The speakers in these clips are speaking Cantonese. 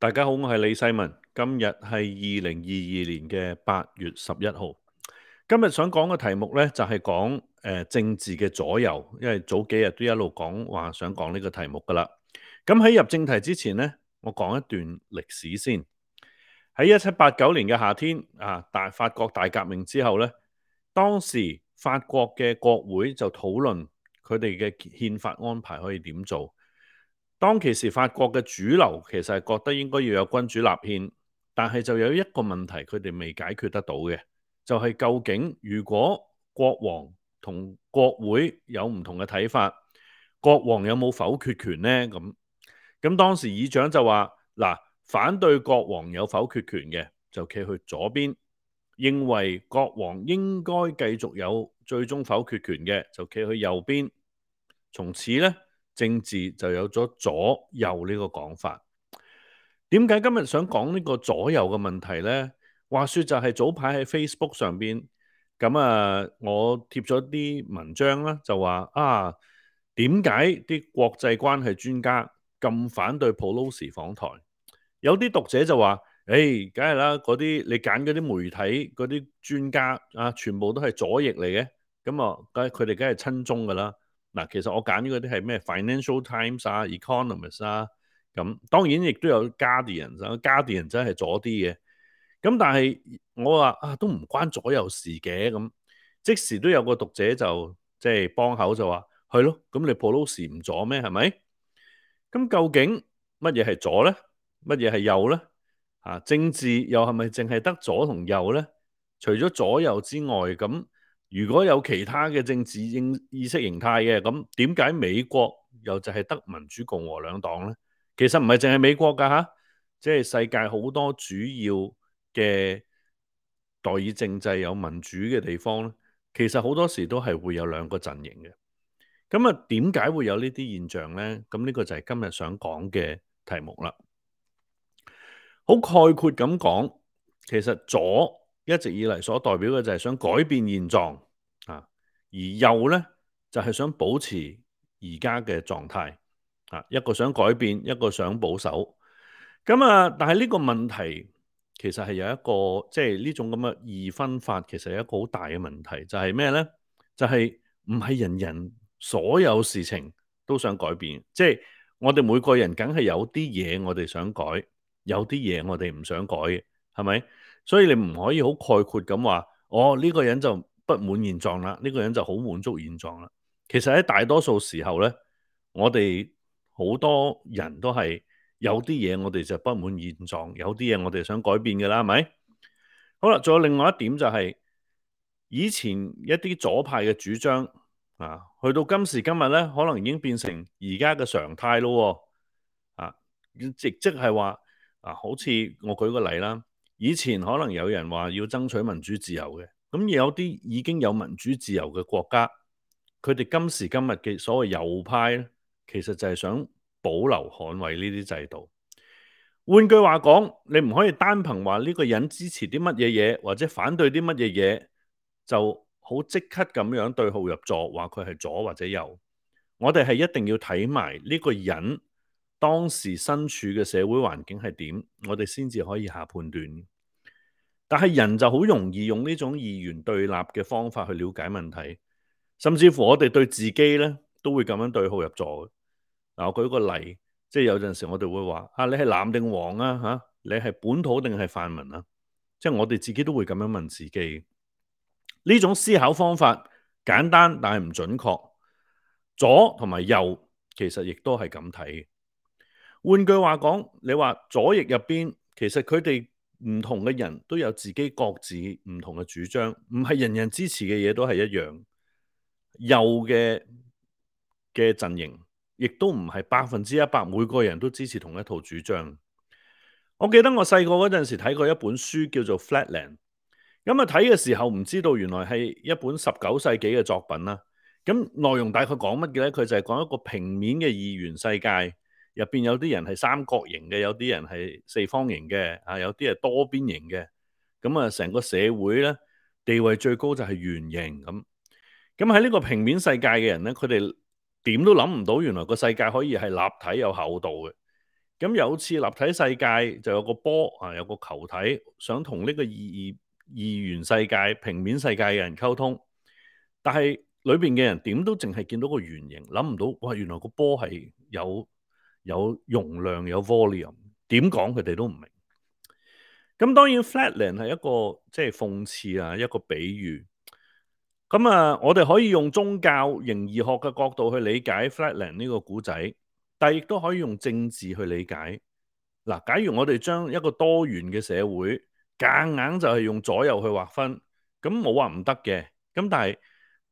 大家好，我係李世民。今日係二零二二年嘅八月十一號。今日想講嘅題目呢，就係講誒、呃、政治嘅左右。因為早幾日都一路講話想講呢個題目㗎喇。咁喺入正題之前呢，我講一段歷史先。喺一七八九年嘅夏天啊，大法國大革命之後呢，當時法國嘅國會就討論佢哋嘅憲法安排可以點做。當其時，法國嘅主流其實係覺得應該要有君主立憲，但係就有一個問題，佢哋未解決得到嘅，就係、是、究竟，如果國王同國會有唔同嘅睇法，國王有冇否決權呢？咁咁當時議長就話：嗱，反對國王有否決權嘅，就企去左邊；認為國王應該繼續有最終否決權嘅，就企去右邊。從此呢，政治就有咗左右呢個講法。點解今日想講呢個左右嘅問題呢？話說就係早排喺 Facebook 上邊咁啊，我貼咗啲文章啦，就話啊，點解啲國際關係專家咁反對普魯士訪台？有啲讀者就話：誒、欸，梗係啦，嗰啲你揀嗰啲媒體嗰啲專家啊，全部都係左翼嚟嘅，咁啊，佢佢哋梗係親中㗎喇。嗱，其實我揀咗嗰啲係咩 Financial Times 啊、Economist 啊，咁當然亦都有 Guardian 啊，Guardian 真係左啲嘅。咁但係我話啊，都唔關左右事嘅。咁即時都有個讀者就即係幫口就話係咯，咁你 Pro News 唔左咩？係咪？咁究竟乜嘢係左咧？乜嘢係右咧？嚇、啊，政治又係咪淨係得左同右咧？除咗左右之外，咁。如果有其他嘅政治意意識形態嘅，咁點解美國又就係得民主共和兩黨呢？其實唔係淨係美國噶吓，即係世界好多主要嘅代議政制有民主嘅地方咧，其實好多時都係會有兩個陣營嘅。咁啊，點解會有呢啲現象呢？咁呢個就係今日想講嘅題目啦。好概括咁講，其實左。一直以嚟所代表嘅就係想改變現狀啊，而又呢，就係想保持而家嘅狀態啊。一個想改變，一個想保守。咁啊，但係呢個問題其實係有一個即係呢種咁嘅二分法，其實係一個好大嘅問題，就係咩呢？就係唔係人人所有事情都想改變？即係我哋每個人梗係有啲嘢我哋想改，有啲嘢我哋唔想改，係咪？所以你唔可以好概括咁話，我，哦，呢個人就不滿現狀啦，呢個人就好滿足現狀啦。其實喺大多數時候呢，我哋好多人都係有啲嘢我哋就不滿現狀，有啲嘢我哋想改變㗎啦，係咪？好啦，仲有另外一點就係、以前一啲左派嘅主張啊，去到今時今日呢，可能已經變成而家嘅常態咯。啊，即即係話啊，好似我舉個例啦。以前可能有人話要爭取民主自由嘅，咁有啲已經有民主自由嘅國家，佢哋今時今日嘅所謂右派，其實就係想保留捍衛呢啲制度。換句話講，你唔可以單憑話呢個人支持啲乜嘢嘢，或者反對啲乜嘢嘢，就好即刻咁樣對號入座，話佢係左或者右。我哋係一定要睇埋呢個人。當時身處嘅社會環境係點，我哋先至可以下判斷。但係人就好容易用呢種二元對立嘅方法去了解問題，甚至乎我哋對自己呢都會咁樣對號入座嘅。我舉個例，即係有陣時我哋會話，嚇你係藍定黃啊？嚇你係本土定係泛民啊？即係我哋自己都會咁樣問自己。呢種思考方法簡單，但係唔準確。左同埋右其實亦都係咁睇。換句話講，你話左翼入邊，其實佢哋唔同嘅人都有自己各自唔同嘅主張，唔係人人支持嘅嘢都係一樣。右嘅嘅陣營，亦都唔係百分之一百，每個人都支持同一套主張。我記得我細個嗰陣時睇過一本書叫做《Flatland》，咁啊睇嘅時候唔知道原來係一本十九世紀嘅作品啦。咁內容大概講乜嘅咧？佢就係講一個平面嘅二元世界。入邊有啲人係三角形嘅，有啲人係四方形嘅，啊有啲係多邊形嘅，咁啊成個社會咧，地位最高就係圓形咁。咁喺呢個平面世界嘅人咧，佢哋點都諗唔到原來個世界可以係立體有厚度嘅。咁有次立體世界就有個波啊，有個球體想同呢個二二元世界、平面世界嘅人溝通，但係裏邊嘅人點都淨係見到個圓形，諗唔到哇原來個波係有。有容量有 volume，點講佢哋都唔明。咁當然，Flatland 係一個即係、就是、諷刺啊，一個比喻。咁啊，我哋可以用宗教形而學嘅角度去理解 Flatland 呢個古仔，但係亦都可以用政治去理解。嗱，假如我哋將一個多元嘅社會，硬硬就係用左右去劃分，咁冇話唔得嘅。咁但係，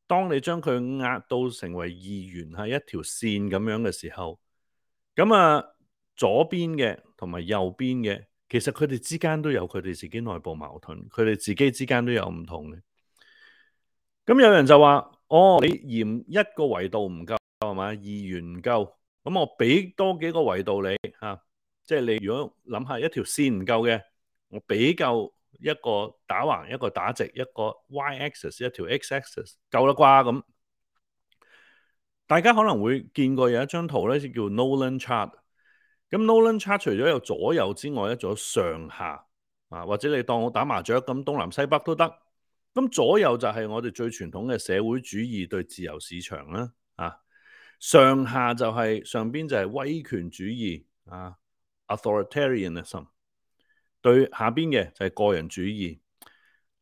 當你將佢壓到成為二元係一條線咁樣嘅時候，咁啊，左邊嘅同埋右邊嘅，其實佢哋之間都有佢哋自己內部矛盾，佢哋自己之間都有唔同嘅。咁有人就話，哦，你嫌一個維度唔夠係嘛？二元唔夠，咁我俾多幾個維度你吓，即、啊、係、就是、你如果諗下一條線唔夠嘅，我俾夠一個打橫、一個打直、一個 y axis 一、一條 x axis，夠啦啩咁。大家可能會見過有一張圖咧，叫 Nolan Chart。咁 Nolan Chart 除咗有左右之外，咧，仲有上下啊，或者你當我打麻雀咁，東南西北都得。咁左右就係我哋最傳統嘅社會主義對自由市場啦。啊，上下就係上邊就係威權主義啊，authoritarianism 對下邊嘅就係個人主義。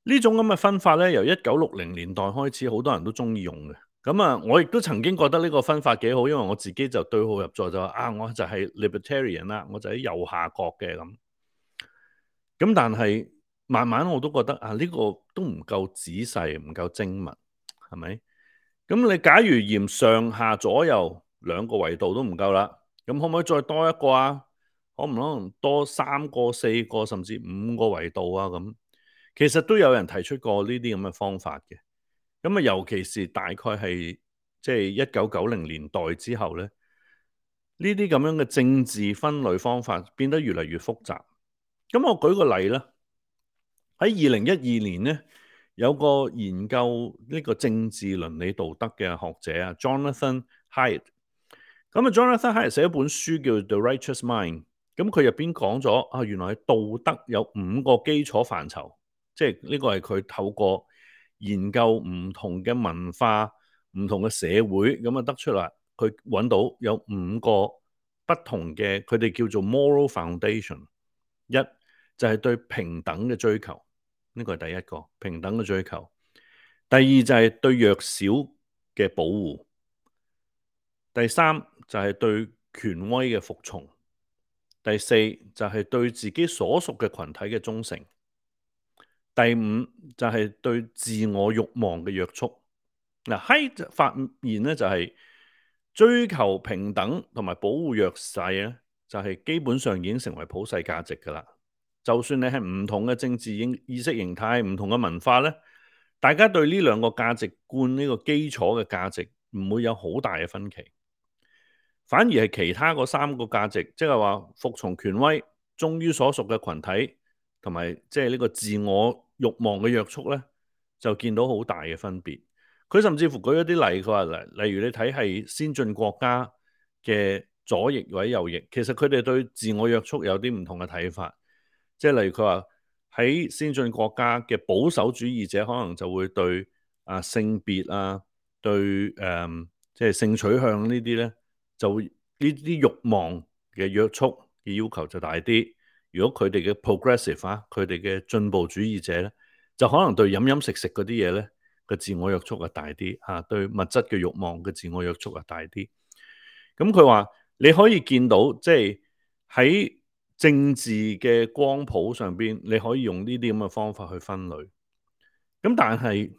呢種咁嘅分法咧，由一九六零年代開始，好多人都中意用嘅。咁啊，我亦都曾經覺得呢個分法幾好，因為我自己就對號入座，就話啊，我就係 libertarian 啦，我就喺右下角嘅咁。咁但係慢慢我都覺得啊，呢個都唔夠仔細，唔夠精密，係咪？咁你假如嫌上下左右兩個維度都唔夠啦，咁可唔可以再多一個啊？可唔可能多三個、四個，甚至五個維度啊？咁其實都有人提出過呢啲咁嘅方法嘅。咁啊，尤其是大概係即係一九九零年代之後咧，呢啲咁樣嘅政治分類方法變得越嚟越複雜。咁我舉個例啦，喺二零一二年咧，有個研究呢個政治倫理道德嘅學者啊，Jonathan Haidt。咁啊，Jonathan Haidt 寫一本書叫《The Righteous Mind》。咁佢入邊講咗啊，原來道德有五個基礎範疇，即係呢個係佢透過。研究唔同嘅文化、唔同嘅社會，噉就得出嚟，佢揾到有五個不同嘅，佢哋叫做 moral foundation。一就係對平等嘅追求，呢個係第一個平等嘅追求。第二就係對弱小嘅保護。第三就係對權威嘅服從。第四就係對自己所屬嘅群體嘅忠誠。第五就係對自我欲望嘅約束。嗱，喺發現就係追求平等同埋保護弱勢就係基本上已經成為普世價值噶啦。就算你係唔同嘅政治意識形態，唔同嘅文化呢，大家對呢兩個價值觀呢個基礎嘅價值唔會有好大嘅分歧。反而係其他嗰三個價值，即係話服從權威，忠於所屬嘅群體，同埋即係呢個自我。欲望嘅約束咧，就見到好大嘅分別。佢甚至乎舉一啲例，佢話，例例如你睇係先進國家嘅左翼或者右翼,其實佢哋對自我約束有啲唔同嘅睇法。即係例如佢話喺先進國家嘅保守主義者，可能就會對啊性別啊，對誒即係性取向呢啲咧，就呢啲欲望嘅約束嘅要求就大啲。如果佢哋嘅 progressive 啊，佢哋嘅進步主義者咧，就可能對飲飲食食嗰啲嘢咧，個自我約束啊大啲嚇，對物質嘅欲望嘅自我約束啊大啲。咁佢話你可以見到即係喺政治嘅光譜上邊，你可以用呢啲咁嘅方法去分類。咁但係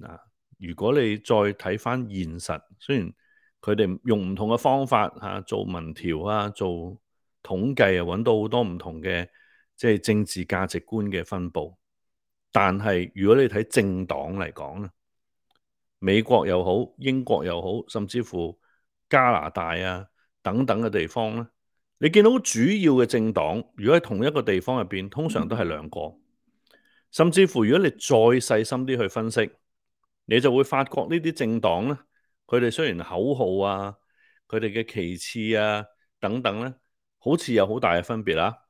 嗱，如果你再睇翻現實，雖然佢哋用唔同嘅方法嚇做民調啊，做。統計啊，揾到好多唔同嘅即係政治價值觀嘅分佈。但係如果你睇政黨嚟講，美國又好，英國又好，甚至乎加拿大啊等等嘅地方呢，你見到主要嘅政黨，如果喺同一個地方入面，通常都係兩個。甚至乎如果你再細心啲去分析，你就會發覺這些政黨呢啲政黨呢，佢哋雖然口號啊，佢哋嘅旗幟啊等等呢好似有好大嘅分別啦，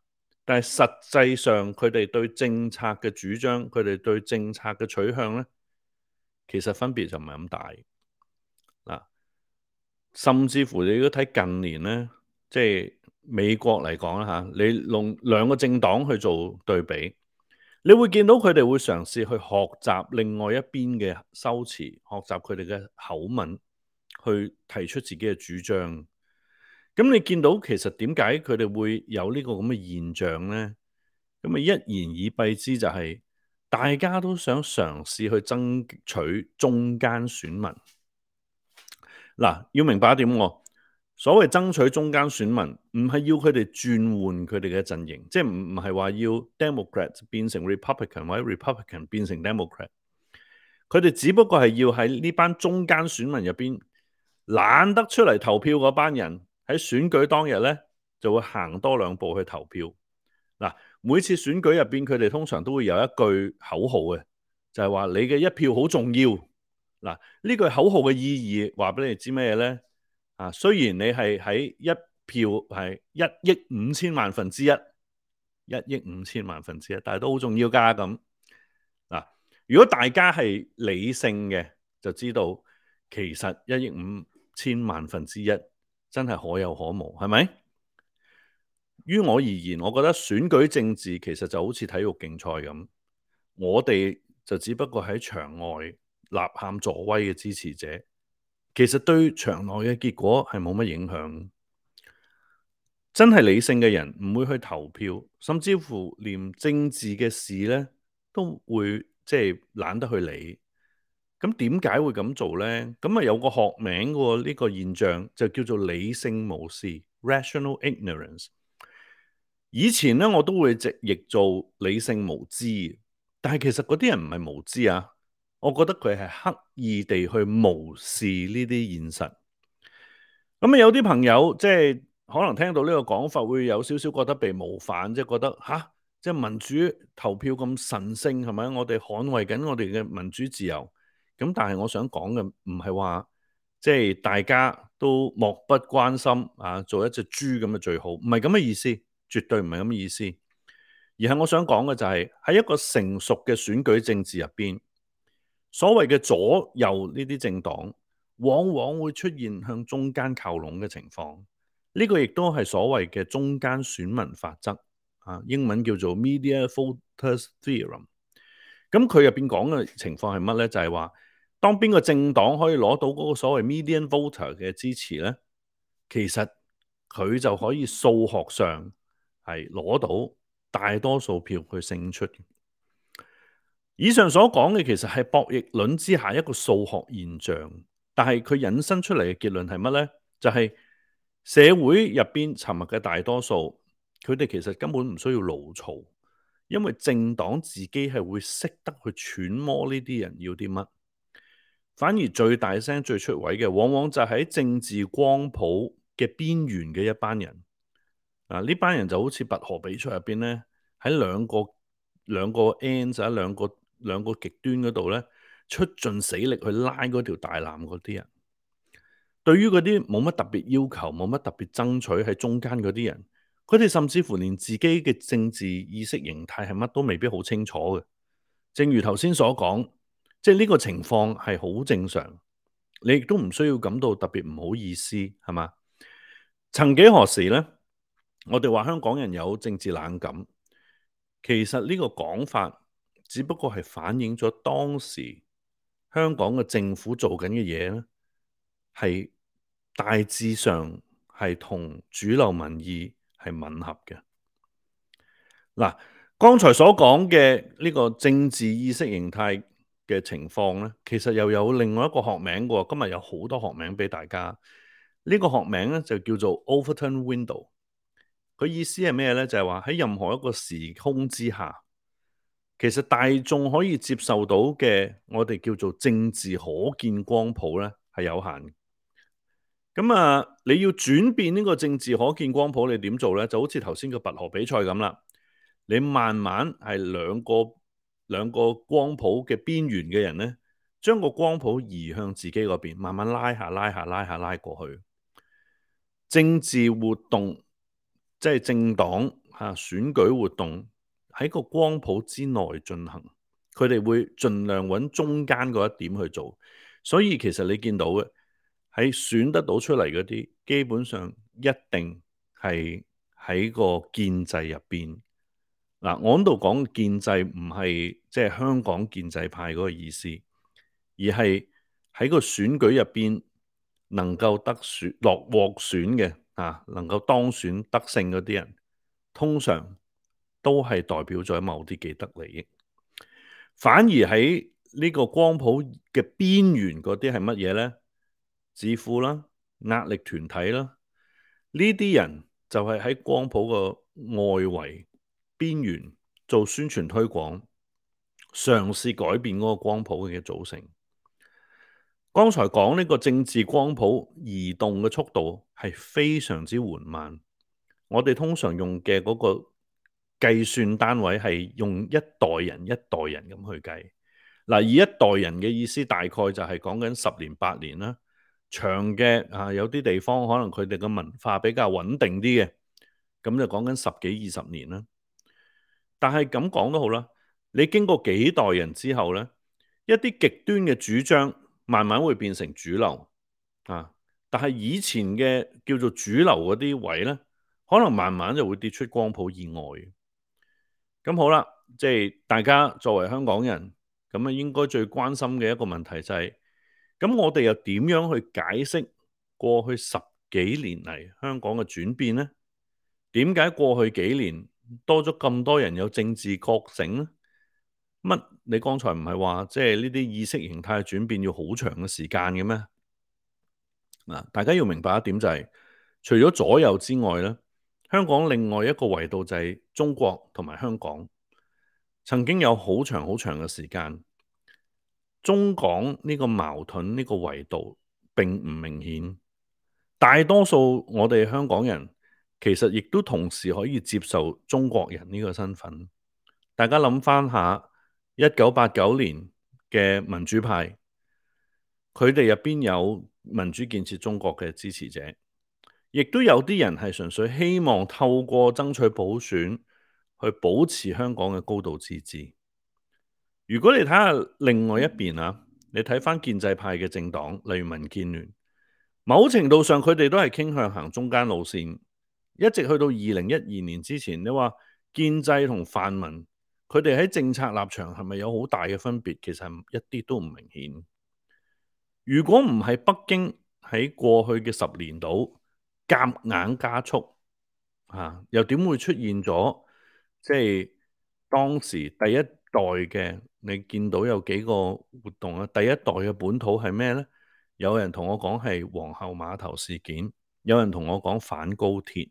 但係實際上佢哋對政策嘅主張，佢哋對政策嘅取向咧，其實分別就唔係咁大啊。甚至乎你如果睇近年咧，即係美國嚟講啦嚇，你用兩個政黨去做對比，你會見到佢哋會嘗試去學習另外一邊嘅修辭，學習佢哋嘅口吻，去提出自己嘅主張。咁你見到其實點解佢哋會有呢個咁嘅現象咧？咁啊，一言以蔽之就係大家都想嘗試去爭取中間選民。嗱，要明白一點，我所謂爭取中間選民，唔係要佢哋轉換佢哋嘅陣營，即係唔唔係話要 Democrat 變成 Republican，或者 Republican 變成 Democrat。佢哋只不過係要喺呢班中間選民入邊，懶得出嚟投票嗰班人。喺選舉當日咧，就會行多兩步去投票。嗱，每次選舉入邊，佢哋通常都會有一句口號嘅，就係話你嘅一票好重要。嗱，呢句口號嘅意義話俾你知咩咧？啊，雖然你係喺一票係一億五千萬分之一，一億五千萬分之一，但係都好重要㗎。咁嗱，如果大家係理性嘅，就知道其實一億五千萬分之一。真係可有可無，係咪？於我而言，我覺得選舉政治其實就好似體育競賽咁，我哋就只不過喺場外吶喊助威嘅支持者，其實對場內嘅結果係冇乜影響。真係理性嘅人唔會去投票，甚至乎連政治嘅事咧都會，即係懶得去理。咁點解會咁做呢？咁啊有個學名嘅呢、哦呢個現象就叫做理性無視 （rational ignorance）。以前呢，我都會直譯做理性無知，但係其實嗰啲人唔係無知啊，我覺得佢係刻意地去無視呢啲現實。咁啊有啲朋友即係、就是、可能聽到呢個講法，會有少少覺得被冒犯，即係覺得吓，即係、就是、民主投票咁神聖係咪？我哋捍衛緊我哋嘅民主自由。咁但係我想講嘅唔係話即係大家都漠不關心啊，做一隻豬咁嘅最好，唔係咁嘅意思，絕對唔係咁嘅意思。而係我想講嘅就係、是、喺一個成熟嘅選舉政治入邊，所謂嘅左右呢啲政黨，往往會出現向中間靠攏嘅情況。呢、這個亦都係所謂嘅中間選民法則啊，英文叫做 Median Voter Theorem。咁佢入邊講嘅情況係乜呢？就係、是、話，當邊個政黨可以攞到嗰個所謂 median voter 嘅支持呢，其實佢就可以數學上係攞到大多數票去勝出。以上所講嘅其實係博弈論之下一個數學現象，但係佢引申出嚟嘅結論係乜呢？就係、是、社會入邊沉默嘅大多數，佢哋其實根本唔需要嘮嘈。因為政黨自己係會識得去揣摩呢啲人要啲乜，反而最大聲最出位嘅，往往就喺政治光譜嘅邊緣嘅一班人。啊，呢班人就好似拔河比賽入邊咧，喺兩個兩個 end 就喺兩個兩個極端嗰度咧，出盡死力去拉嗰條大纜嗰啲人。對於嗰啲冇乜特別要求、冇乜特別爭取喺中間嗰啲人。佢哋甚至乎連自己嘅政治意識形態係乜都未必好清楚嘅，正如頭先所講，即係呢個情況係好正常，你亦都唔需要感到特別唔好意思，係嘛？曾幾何時呢，我哋話香港人有政治冷感，其實呢個講法只不過係反映咗當時香港嘅政府做緊嘅嘢咧，係大致上係同主流民意。係吻合嘅。嗱，剛才所講嘅呢個政治意識形態嘅情況咧，其實又有另外一個學名喎。今日有好多學名俾大家，呢個學名咧就叫做 Overton Window。佢意思係咩咧？就係話喺任何一個時空之下，其實大眾可以接受到嘅，我哋叫做政治可見光譜咧，係有限嘅。咁啊！你要轉變呢個政治可見光譜，你點做咧？就好似頭先個拔河比賽咁啦，你慢慢係兩個兩個光譜嘅邊緣嘅人咧，將個光譜移向自己嗰邊，慢慢拉下、拉下、拉下、拉過去。政治活動即係、就是、政黨吓、啊、選舉活動喺個光譜之內進行，佢哋會盡量揾中間嗰一點去做。所以其實你見到嘅。喺選得到出嚟嗰啲，基本上一定係喺個建制入邊、啊。我喺度講建制唔係即係香港建制派嗰個意思，而係喺個選舉入邊能夠得選落獲選嘅、啊、能夠當選得勝嗰啲人，通常都係代表咗某啲既得利益。反而喺呢個光譜嘅邊緣嗰啲係乜嘢呢？智庫啦，壓力團體啦，呢啲人就係喺光譜嘅外圍、邊緣做宣傳推廣，嘗試改變嗰個光譜嘅組成。剛才講呢個政治光譜移動嘅速度係非常之緩慢。我哋通常用嘅嗰個計算單位係用一代人一代人咁去計。嗱，以一代人嘅意思，大概就係講緊十年八年啦。長嘅啊，有啲地方可能佢哋嘅文化比較穩定啲嘅，咁就講緊十幾二十年啦。但係咁講都好啦，你經過幾代人之後呢，一啲極端嘅主張慢慢會變成主流啊。但係以前嘅叫做主流嗰啲位呢，可能慢慢就會跌出光譜以外嘅。咁好啦，即係大家作為香港人，咁啊應該最關心嘅一個問題就係。咁我哋又點樣去解釋過去十幾年嚟香港嘅轉變呢？點解過去幾年多咗咁多人有政治覺醒呢？乜你剛才唔係話即係呢啲意識形態的轉變要好長嘅時間嘅咩？大家要明白一點就係，除咗左右之外呢，香港另外一個維度就係中國同埋香港曾經有好長好長嘅時間。中港呢個矛盾呢個維度並唔明顯，大多數我哋香港人其實亦都同時可以接受中國人呢個身份。大家諗翻下，一九八九年嘅民主派，佢哋入邊有民主建設中國嘅支持者，亦都有啲人係純粹希望透過爭取普選去保持香港嘅高度自治。如果你睇下另外一邊啊，你睇返建制派嘅政黨，例如民建聯，某程度上佢哋都係傾向行中間路線，一直去到二零一二年之前，你話建制同泛民，佢哋喺政策立場係咪有好大嘅分別？其實一啲都唔明顯。如果唔係北京喺過去嘅十年度夾硬加速，嚇、啊，又點會出現咗即係當時第一代嘅？你見到有幾個活動啊？第一代嘅本土係咩呢？有人同我講係皇后碼頭事件，有人同我講反高鐵，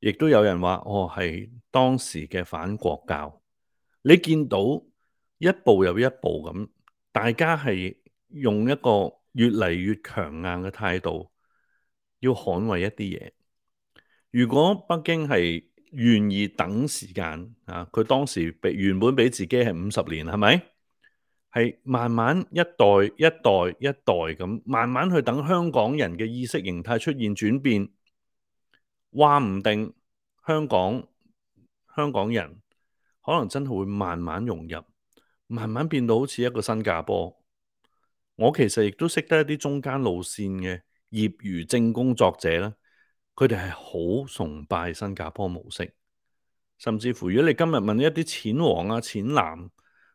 亦都有人話哦，係當時嘅反國教。你見到一步又一步咁，大家係用一個越嚟越強硬嘅態度，要捍衞一啲嘢。如果北京係，願意等時間啊！佢當時俾原本俾自己係五十年，係咪？係慢慢一代一代一代咁，慢慢去等香港人嘅意識形態出現轉變，話唔定香港香港人可能真係會慢慢融入，慢慢變到好似一個新加坡。我其實亦都識得一啲中間路線嘅業餘正工作者。佢哋係好崇拜新加坡模式，甚至乎，如果你今日問一啲淺黃啊、淺藍，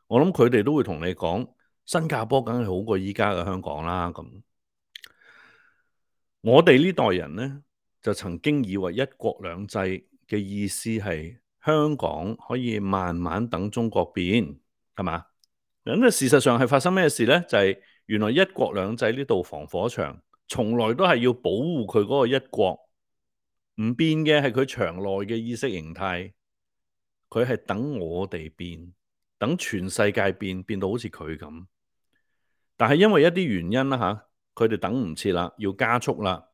我諗佢哋都會同你講，新加坡梗係好過依家嘅香港啦。咁我哋呢代人咧，就曾經以為一國兩制嘅意思係香港可以慢慢等中國變係嘛？咁啊，事實上係發生咩事咧？就係原來一國兩制呢度防火牆，從來都係要保護佢嗰個一國。唔變嘅係佢場內嘅意識形態，佢係等我哋變，等全世界變，變到好似佢咁。但係因為一啲原因啦，吓佢哋等唔切啦，要加速啦。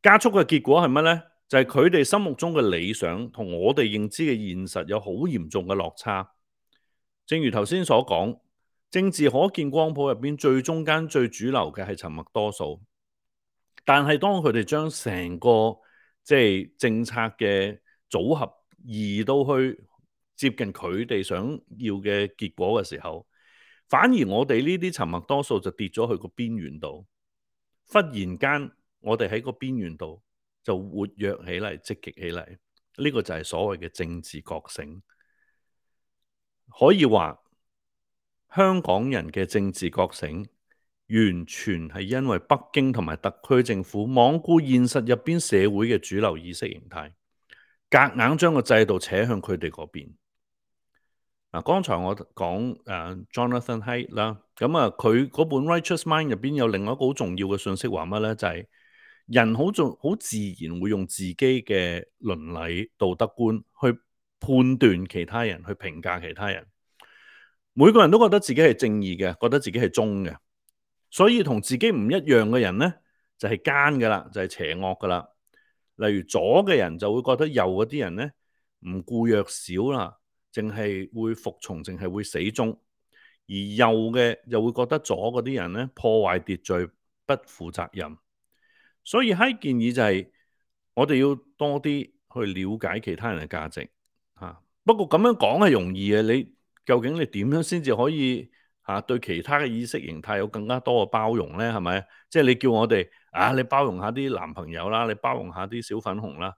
加速嘅結果係乜咧？就係佢哋心目中嘅理想同我哋認知嘅現實有好嚴重嘅落差。正如頭先所講，政治可見光譜入邊最中間最主流嘅係沉默多數。但係當佢哋將成個即係政策嘅組合移到去接近佢哋想要嘅結果嘅時候，反而我哋呢啲沉默多數就跌咗去個邊緣度。忽然間，我哋喺個邊緣度就活躍起嚟，積極起嚟。呢、呢個就係所謂嘅政治覺醒。可以話香港人嘅政治覺醒。完全係因為北京同埋特區政府罔顧現實入邊社會嘅主流意識形態，夾硬將個制度扯向佢哋嗰邊。剛才我講 Jonathan Haidt 啦，咁佢嗰本《Righteous Mind》入邊有另外一個好重要嘅訊息，話乜呢？就係、是、人好做好自然會用自己嘅倫理道德觀去判斷其他人，去評價其他人。每個人都覺得自己係正義嘅，覺得自己係忠嘅。所以同自己唔一樣嘅人咧，就係奸㗎喇，就係邪惡㗎喇。例如左嘅人就會覺得右嗰啲人咧，唔顧弱小啦，淨係會服從，淨係會死忠。而右嘅又會覺得左嗰啲人咧，破壞秩序、不負責任。所以喺建議就係我哋要多啲去了解其他人嘅價值。嚇，不過咁樣講係容易嘅，你究竟你點樣先至可以？啊，對其他嘅意識形態有更加多嘅包容呢，係咪？即係你叫我哋啊，你包容下啲男朋友啦，你包容下啲小粉紅啦，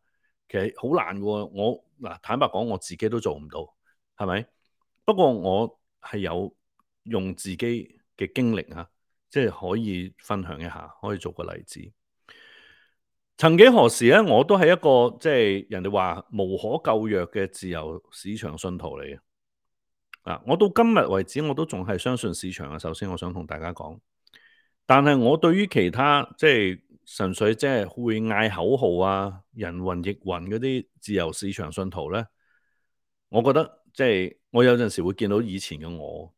其實好難喎。我嗱、啊、坦白講，我自己都做唔到，係咪？不過我係有用自己嘅經歷嚇，即係可以分享一下，可以做個例子。曾幾何時呢，我都係一個即係人哋話無可救藥嘅自由市場信徒嚟嘅。我到今日為止，我都仲係相信市場。首先，我想同大家講，但係我對於其他即係純粹即係會嗌口號啊、人云亦云嗰啲自由市場信徒咧，我覺得即係我有陣時會見到以前嘅我。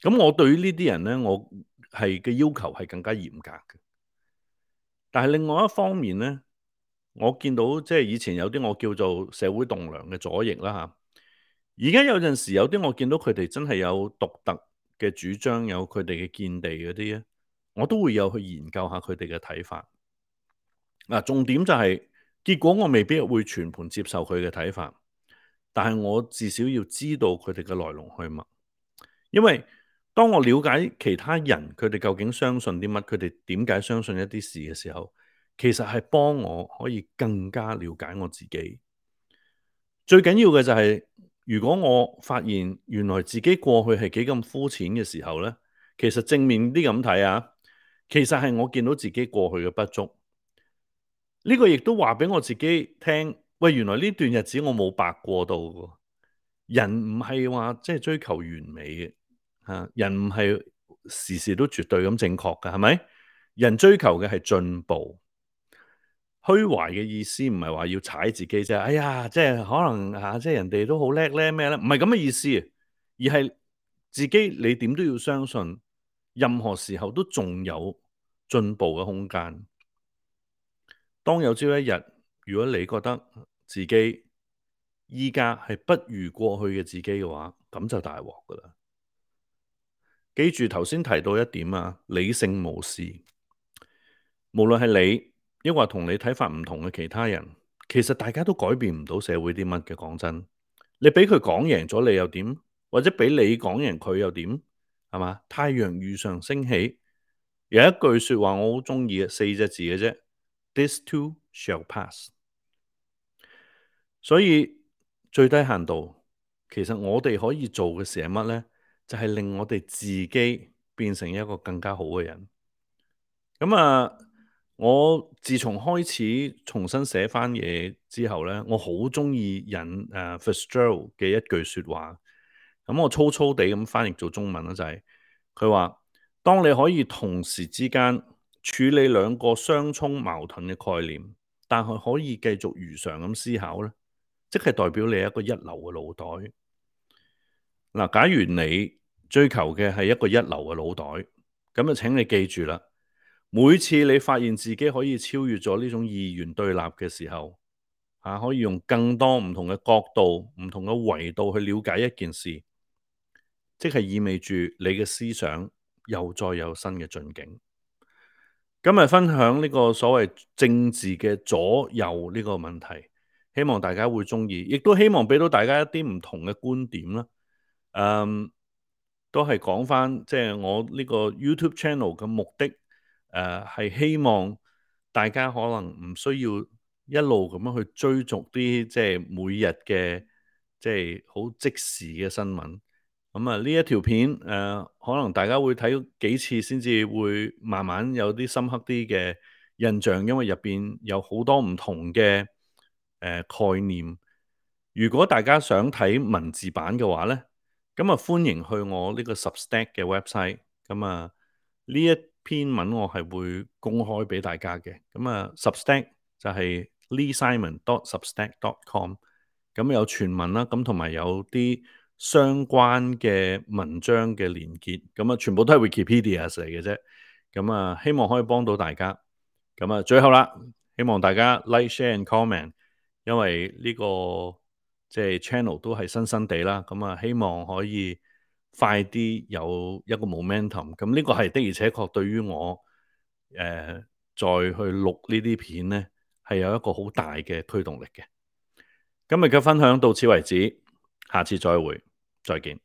咁我對於呢啲人咧，我係嘅要求係更加嚴格嘅。但係另外一方面咧，我見到即係以前有啲我叫做社會棟樑嘅左翼啦吓。而家有陣時有啲我見到佢哋真係有獨特嘅主張，有佢哋嘅見地嗰啲咧，我都會有去研究下佢哋嘅睇法。嗱，重點就係結果我未必會全盤接受佢嘅睇法，但係我至少要知道佢哋嘅來龍去脈。因為當我了解其他人佢哋究竟相信啲乜，佢哋點解相信一啲事嘅時候，其實係幫我可以更加了解我自己。最緊要嘅就係。如果我發現原來自己過去係幾咁膚淺嘅時候呢，其實正面啲咁睇啊，其實係我見到自己過去嘅不足。呢個亦都話俾我自己聽，喂，原來呢段日子我冇白過到。人唔係話即係追求完美嘅，人唔係時時都絕對咁正確嘅，係咪？人追求嘅係進步。虛懷嘅意思唔係話要踩自己啫，哎呀，即係可能啊即係人哋都好叻咧，咩咧？唔係咁嘅意思，而係自己你點都要相信，任何時候都仲有進步嘅空間。當有朝一日，如果你覺得自己依家係不如過去嘅自己嘅話，咁就大鑊㗎喇。記住頭先提到一點啊，理性無事，無論係你。亦或同你睇法唔同嘅其他人，其實大家都改變唔到社會啲乜嘅。講真，你俾佢講贏咗你又點？或者俾你講贏佢又點？係嘛？太陽遇上升起，有一句說話我好中意四隻字嘅啫：，This too shall pass。所以最低限度，其實我哋可以做嘅事係乜咧？就係、是、令我哋自己變成一個更加好嘅人。咁、嗯、啊。我自從開始重新寫翻嘢之後咧，我好中意引誒 Fitzgerald、啊、嘅一句說話，咁、嗯、我粗粗地咁翻譯做中文啦，就係佢話：，當你可以同時之間處理兩個相冲矛盾嘅概念，但係可以繼續如常咁思考咧，即係代表你一個一流嘅腦袋。嗱、嗯，假如你追求嘅係一個一流嘅腦袋，咁啊，請你記住啦。每次你發現自己可以超越咗呢種二元對立嘅時候，啊，可以用更多唔同嘅角度，唔同嘅維度去了解一件事，即係意味住你嘅思想又再有新嘅進境。今日分享呢個所謂政治嘅左右呢個問題，希望大家會中意，亦都希望俾到大家一啲唔同嘅觀點啦。嗯，都係講返，即係我呢個 YouTube channel 嘅目的。誒係、呃、希望大家可能唔需要一路咁樣去追逐啲即係每日嘅即係好即時嘅新聞。咁啊呢一條片誒、呃、可能大家會睇幾次先至會慢慢有啲深刻啲嘅印象，因為入邊有好多唔同嘅誒、呃、概念。如果大家想睇文字版嘅話咧，咁啊歡迎去我呢個 Substack 嘅 website。咁啊呢一篇文我係會公開畀大家嘅，咁啊 Substack 就係 LeeSimon.dot.Substack.com，咁有全文啦，咁同埋有啲相關嘅文章嘅連結，咁啊全部都係 Wikipedia 嚟嘅啫，咁啊希望可以幫到大家，咁啊最後啦，希望大家 Like、Share、Comment，因為呢、這個即係、就是、channel 都係新新地啦，咁啊希望可以，快啲有一個 momentum，咁呢個係的而且確對於我，呃，再去錄呢啲片呢，係有一個好大嘅推動力嘅。今日嘅分享到此為止，下次再會，再見。